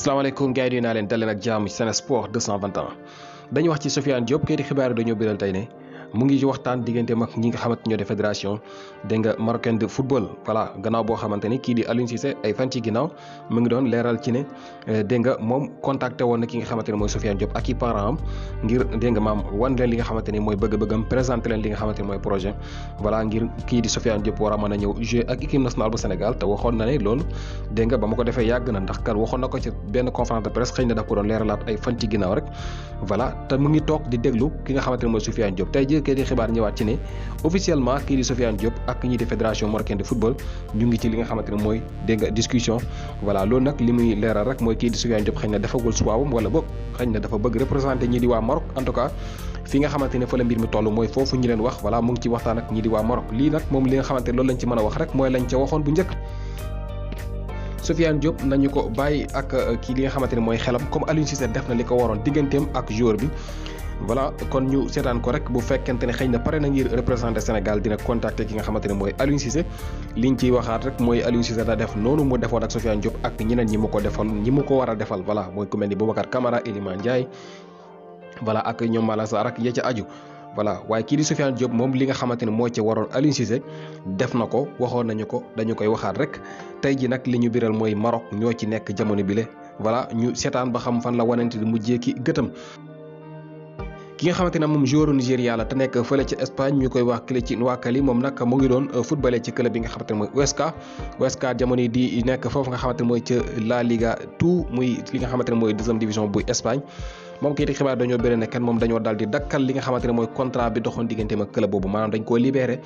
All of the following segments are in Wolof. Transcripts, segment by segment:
salaamaaleykum gars yi naa leen daleen ak jàmm ci Sen Sport dañu wax ci Sofiane Diop kayiti xibaar yi dañoo biral tey ne mu ngi ci waxtaan digënté mak ñi nga xamanteni ñoo de fédération dégg nga de football voilà gannaaw bo xamanteni ki di aline Cissé ay fan ci ginnaaw mu ngi doon leeral ci né euh, dégg nga moom contacté won na ki nga xamanteni moy Sofiane Diop ak i parents am ngir dégg nga maam wan leen li nga xamanteni moy bëgg-bëggam présenter leen li nga xamanteni moy projet voilà ngir ki di Sofiane Diop wara mëna ñëw jouer ak équipe nationale bu Sénégal té waxon na né lool dégg nga ba ma ko defee yàgg na ndax kat waxon nako ci bénn conférence de presse xëy na da ko doon léralat ay fan ci ginnaaw rek voilà té mu ngi tok di déglu ki nga xamanteni moy Sofiane Diop tay biir kayit yi xibaar ñëwaat ci ne officiellement kii di Sofiane Diop ak ñi di fédération marocaine de football ñu ngi ci li nga xamante ne mooy dégg nga discussion voilà loolu nag li muy leeral rek mooy kii di Sofiane Diop na dafagul suwaawam wala boog xëy na dafa bëgg représenté ñi di waa Maroc en tout cas wax voilà mu a wax rek mooy lañ ca waxoon bu njëkk Sofiane Diop nañu ko bàyyi ak kii li nga xamante ne mooy xelam comme Aliou Cissé def na li ko waroon digganteem ak joueur bi voilà kon ñu seetaan ko rek bu fekkente ne xëy na pare na ngir représenté Sénégal dina contacté ki nga xamante ne mooy Aliou Cissé liñ ciy waxaat rek mooy Aliou def noonu mu defoon ak Sofiane Diop ak ñeneen ñi mu ko defal ñi mu ko war a defal voilà mooy ku mel ni Boubacar Camara Iliman Ndiaye ak ñoom Malang Sarr ak ya ca aju. voilà waaye kii di Sofiane Diop moom li nga xamante ne moo ci waroon Aliou Cissé def na ko waxoon nañu ko dañu koy waxaat rek tey ji nag li ñu biral mooy Maroc ñoo ci nekk jamono bile voilà ñu seetaan ba xam fan la wanante di mu ki gëtam. ki nga xamante ne moom joueur Nigéria la te nekk fële ci Espagne ñu koy wax Kelechi Nwakali moom nag mu ngi doon footballé ci club bi nga xamante mooy Huesca Huesca jamono di nekk foofu nga xamante ne mooy ca La Liga tout muy li nga division bu Espagne moom kayiti xibaar dañoo bëri kenn moom dañoo daal di dakkal li nga xamante ne mooy contrat bi doxoon diggante ma club boobu maanaam dañ koo libéré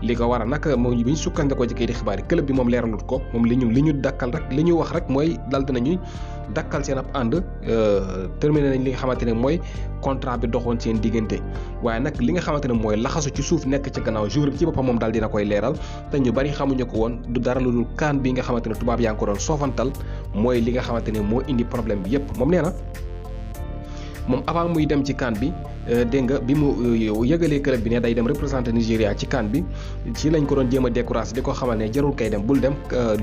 li ko war a nag moom bi ñu sukkandikoo ci kayiti xibaar yi club bi moom leeralut ko moom li ñu li ñu dakkal rek li ñu wax rek mooy dal dinañu dakkal seen ab ànd euh, terminé nañ li nga xamante ne mooy contrat bi doxoon seen diggante waaye nag li nga xamante ne mooy laxasu ci suuf nekk ci gannaaw jour ci boppam moom daal dina koy leeral te ñu bari xamuñu ko woon du dara lu dul kaan bi nga xamante ne tubaab yaa ngi ko doon soofantal mooy li nga xamante ne moo indi problème bi yépp moom nee na moom avant muy dem ci CAN bi euh, dégg nga bi mu euh, yëgalee club bi ne day dem représenter Nigéria ci CAN bi ci lañ ko doon jéem a découragé di ko ne jarul kay dem bul dem euh,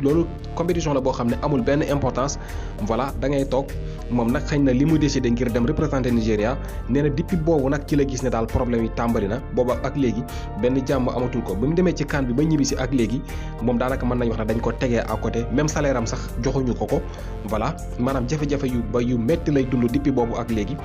loolu compétition la boo xam ne amul benn importance voilà da ngay toog moom nag xëy na li mu décidé ngir dem représenter Nigéria nee na depuis boobu nag ci la gis ne daal problème yi tàmbali na booba ak léegi benn jàmm amatul ko bi mu demee ci CAN bi ba ñibbisi ak léegi moom daanaka mën nañ wax ne dañ ko tegee à côté même salaire am sax joxuñu ko ko voilà maanaam jafe yu ba yu métti lay dund depuis boobu ak भाग लेगी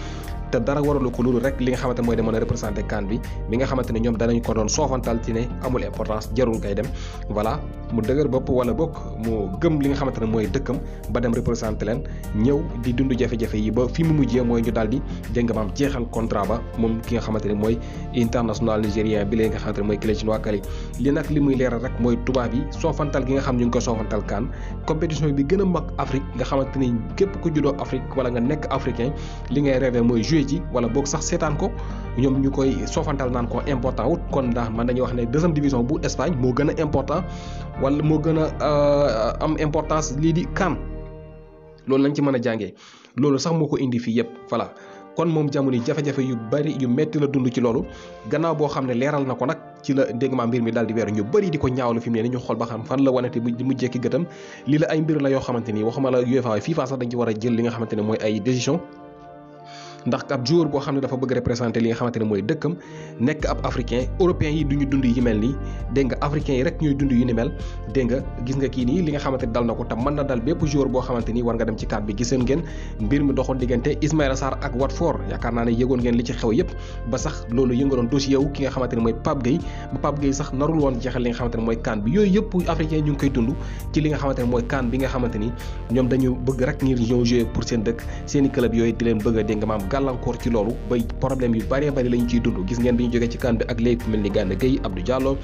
te dara waralu ko loolu rek li nga xamante moy demoon a kan bi mi nga xamante ñom dañ ko doon soofantal ci ne amul importance jarul ngay dem voilà mu dëgër bop wala bok mu gëm li nga xamante moy mooy dëkkam ba dem représenté leen ñew di dundu jafe-jafe yi ba fi mu mujjé moy ñu daldi jëng maam jéxal contrat ba mom ki nga xamante moy international nigérien bi lee nga xamante moy clé ci no akali li nak li muy leeral rek moy tuba bi soofantal gi nga xam ñu ko soofantal kan compétition bi gëna mag afrique nga xamante ni képp ku juddo afrique wala nga nek africain li ngay rêvé moy jëfe ji wala boog sax seetaan ko ñoom ñu koy soofantal naan ko important wut kon ndax man dañuy wax ne deuxième division bu Espagne moo gën a important wala moo gën a euh, am importance lii di CAN loolu lañ ci mën a jàngee loolu sax moo ko indi fii yëpp voilà kon moom jamono yi jafe-jafe yu bari yu metti la dund ci loolu gannaaw boo xam ne leeral na ko nag ci la dégg mbir mi daal di weeru ñu bëri di ko ñaawlu fi mu ne ni ñu xool ba xam fan la wanete di mu jekki gëtam lii a jël li nga xamante ne mooy ndax ab jour bo xamne dafa bëgg représenter li nga xamante moy mooy dëkkam nekk ab africain européen yi duñu dund yi melni de nga africain yi rek ñoy dund yu ni mel de nga gis nga ki ni li nga xamante dal nako ta man na dal bëpp jour bo xamante war nga dem ci kat bi gisseen ngeen mbir mi doxon digënté Ismaïla Sarr ak Watford yaakaar na ne yëgoon ngeen li ci xew yépp ba sax loolu yëngaloon dossier wu ki nga xamante moy Pape Gueye ba Pape Gueye sax narul woon jeexal li nga xamante moy mooy kan bi yoy yëpp africain ñu ngi koy dund ci li nga xamante moy mooy kan bi nga xamante ñom dañu bëgg rek ngir ñëw jouer pour seen dëkk seen club yoy di leen bëgg de nga maam galankor ci loolu ba problème yu bari bari lañ ci dund gis ngeen biñu ñu ci kan bi ak léegi ku mel ni Abdou Diallo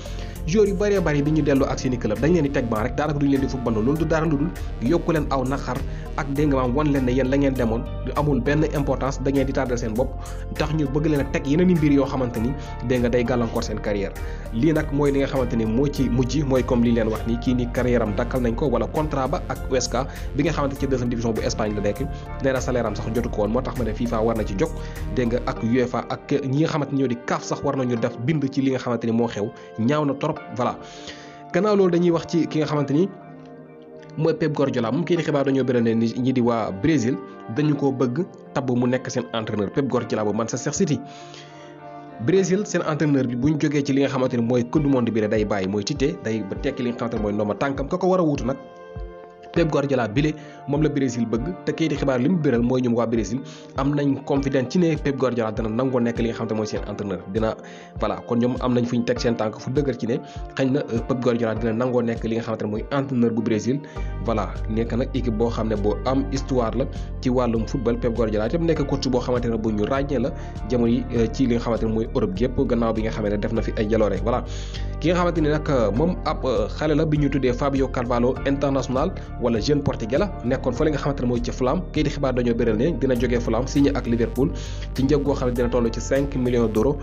joueur yu bari biñu ñu ak seen club dañ leen di tek ban rek daanaka duñ leen di football loolu du dara lu dul yokku leen aw naxar ak dégg nga won wan leen ne yeen la ngeen du amul ben importance da ngeen di tardal seen bop tax ñu bëgg leen a teg yeneen mbir yo xamanteni de nga day galankor seen carrière li nak moy li nga xamanteni ni ci mujji moy comme li leen wax ni ki ni carrière am dakal nañ ko wala contrat ba ak USK bi nga xamanteni ci deuxième division bu Espagne la nek dara salaire am sax jotu ko won motax ne FIFA war na ci jóg dégg nga ak UEFA ak ñi nga xamante ni ñoo di kaaf sax war nañu def bind ci li nga xamante ni moo xew ñaaw na trop voilà gannaaw loolu dañuy wax ci ki nga xamante ni mooy Pep Guardiola moom kii xibaar dañoo bëral ne ñi di waa Brésil dañu ko bëgg tabb mu nekk seen entraîneur Pep Guardiola bu Manchester City Brésil seen entraîneur bi bu ñu jógee ci li nga xamante ni mooy coupe du monde bi day bàyyi mooy Tite day ba tekki li nga xamante ni mooy ndooma tànkam ka ko war a wut nag Pep Guardiola bile moom la Brésil bëgg te kayiti xibaar li mu biral mooy ñoom waa Brésil am nañ confidence ci ne Pep Guardiola dana nangoo nekk li nga xam kon ñoom am ñu teg seen tànk fu dëgër ci ne xëy na euh, Pep dina nangoo nekk li nga xamante ne mooy entraîneur bu Brésil voilà nekk nag équipe boo xam ne boo am histoire la ci wàllum football Pep Guardiola itam nekk coach boo xamante ne bu ñu ràññee la jamono yi euh, ci li nga xamante ne mooy Europe gépp gannaaw bi nga xamante ne def na fi ay jaloore voilà ki nga xamante ne nag euh, moom ab ñu tuddee Fabio Carvalho international wala jeune portugais la nekkoon fa li nga xamante ne mooy ci Fulham kii di xibaar dañoo béral ne dina jógee Fulham signé ak Liverpool ci njëg goo xam ne dina toll ci 5 millions d' euros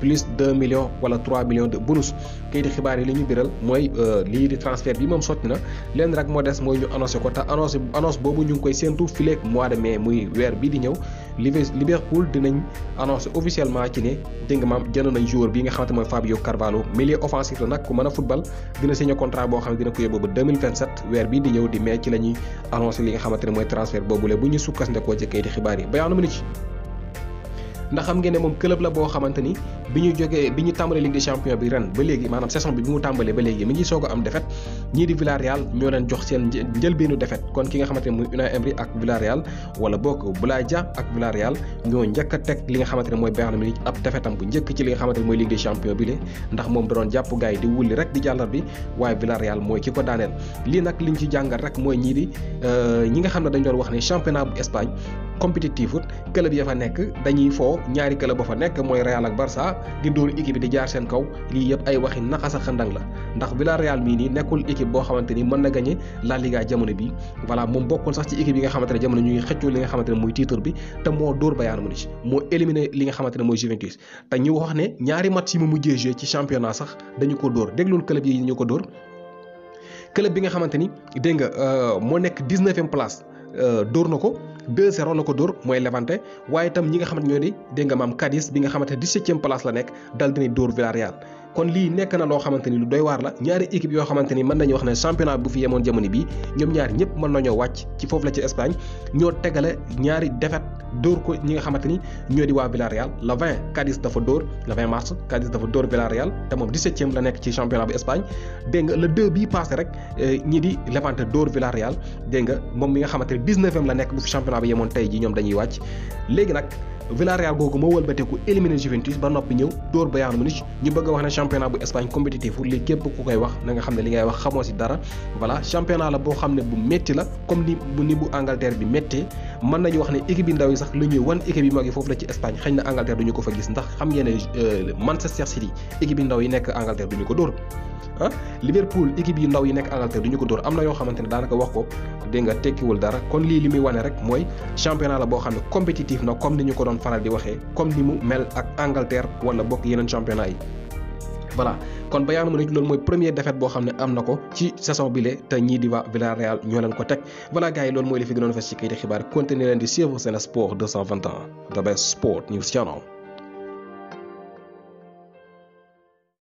plus 2 millions wala 3 millions de bonus kii di xibaar yi li ñu biral mooy euh, lii di transfert bi moom sotti na leen rek moo des mooy ñu annoncé ko te annonce annonce boobu ñu ngi koy séentu fileeg mois de mais muy weer bii di ñëw Liverpool dinañ annoncé officiellement ci ne dégg nga maam jënd nañ joueur bi nga xamante mooy Fabio Carvalho milieu offensif la nag ku mën a football dina signé contrat boo xam ne dina ko yóbbu weer bii di ñëw di mai ci la ñuy li nga xamante ne mooy transfert boobule bu ñu sukkandikoo ci kayiti xibaar yi Bayern Munich ndax xam ngeen ne moom club la boo xamante ni bi ñu jógee bi ñu tàmbalee ligue des champions bi ren ba léegi maanaam saison bi bi mu tàmbalee ba léegi mi ngi soog a am defet ñii di Villarreal ñoo leen jox seen njëlbeenu defet kon ki nga xamante ne muy Unai Emery ak Villarreal wala boog Boulaye Dia ak Villarreal ñoo njëkk a teg li nga xamante ne mooy Bayern Munich ab defetam bu njëkk ci li nga xamante ne mooy ligue des champions bi le ndax moom da doon jàpp gars yi di wulli rek di jàllar bi waaye Villarreal mooy ki ko daaneel lii nag liñ ci jàngal rek mooy ñii di euh, ñi nga xam ne dañ doon wax ne championnat bu Espagne compétitif ut club ya fa nekk dañuy foo ñaari club ba fa nekk mooy Real ak Barça di dóor équipe di jaar seen kaw lii yëpp ay waxi naxas a xandang la ndax Villarreal mii nii nekkul équipe boo xamante ni mën na gagné La Liga jamono bi voilà moom bokkul sax ci équipe yi nga xamante ne jamono ñu ngi xëccoo li nga xamante ne muy titre bi te moo dóor Bayern moo éliminé li nga xamante ne mooy Juventus te ñu wax ne ñaari match yi mu mujjee joué ci championnat ko dóor déglul club yi ñu ko dóor bi nga xamante ni dégg nga euh, moo nekk 19e place euh, dóor na ko 2-0 la ko dóor mooy Levante waaye itam ñi nga xamante ñoo di dégg nga maam Cadiz bi nga xamante 17e place la nekk dal dina dóor Villarreal kon lii nekk na loo xamante ni lu doy waar la ñaari équipe yoo xamante ni mën nañu wax ne championnat bu fi yemoon jamono bii ñoom ñaar ñëpp mën nañoo wàcc ci foofu la ci Espagne ñoo tegale ñaari défaite dóor ko ñi nga xamante ni ñoo di waa Villarreal le 20 Cadiz dafa dóor le 20 mars Cadiz dafa dóor Villarreal te moom 17e la nekk ci championnat bu Espagne dégg nga le 2 bii rek eh, ñii di Levante dóor Villarreal dégg nga moom mi nga xamante ni 19 la nekk bu fi championnat bi yemoon tey ji ñoom dañ wàcc léegi nag Villarreal googu moo wëlbateeku éliminer Juventus ba noppi ñëw dóor Bayern Munich ñu bëgg a wax ne championnat bu Espagne compétitif lii képp ku koy wax na xam ne li ngay wax xamoo si dara voilà championnat la boo xam ne bu métti la comme ni bu ni bu Angleterre bi méttee mën nañu wax ne équipe yi ndaw yi sax li ñuy wan équipe yi mag yi foofu la ci Espagne xëy na Angleterre duñu ko fa gis ndax xam ngeen ne euh, Manchester City équipe yi ndaw yi nekk Angleterre duñu ko dóor ah Liverpool équipe yi ndaw yi nekk Angleterre duñu ko dóor am na yoo xamante ne daanaka wax ko dégg nga tekkiwul dara kon lii li muy wane rek mooy championnat la boo xam ne compétitif na comme ni ñu ko doon faral di waxee comme ni mu mel ak Angleterre wala bokk yeneen championnat yi voilà kon Bayern Munich loolu mooy premier défaite bo xamné ne ko ci saison lé té ñi di waa Villarreal ñoo leen ko voilà gars yi loolu de li fi gënoon fas ci kayiti xibaar continuer leen di suivre ce sport ans the best sport news channel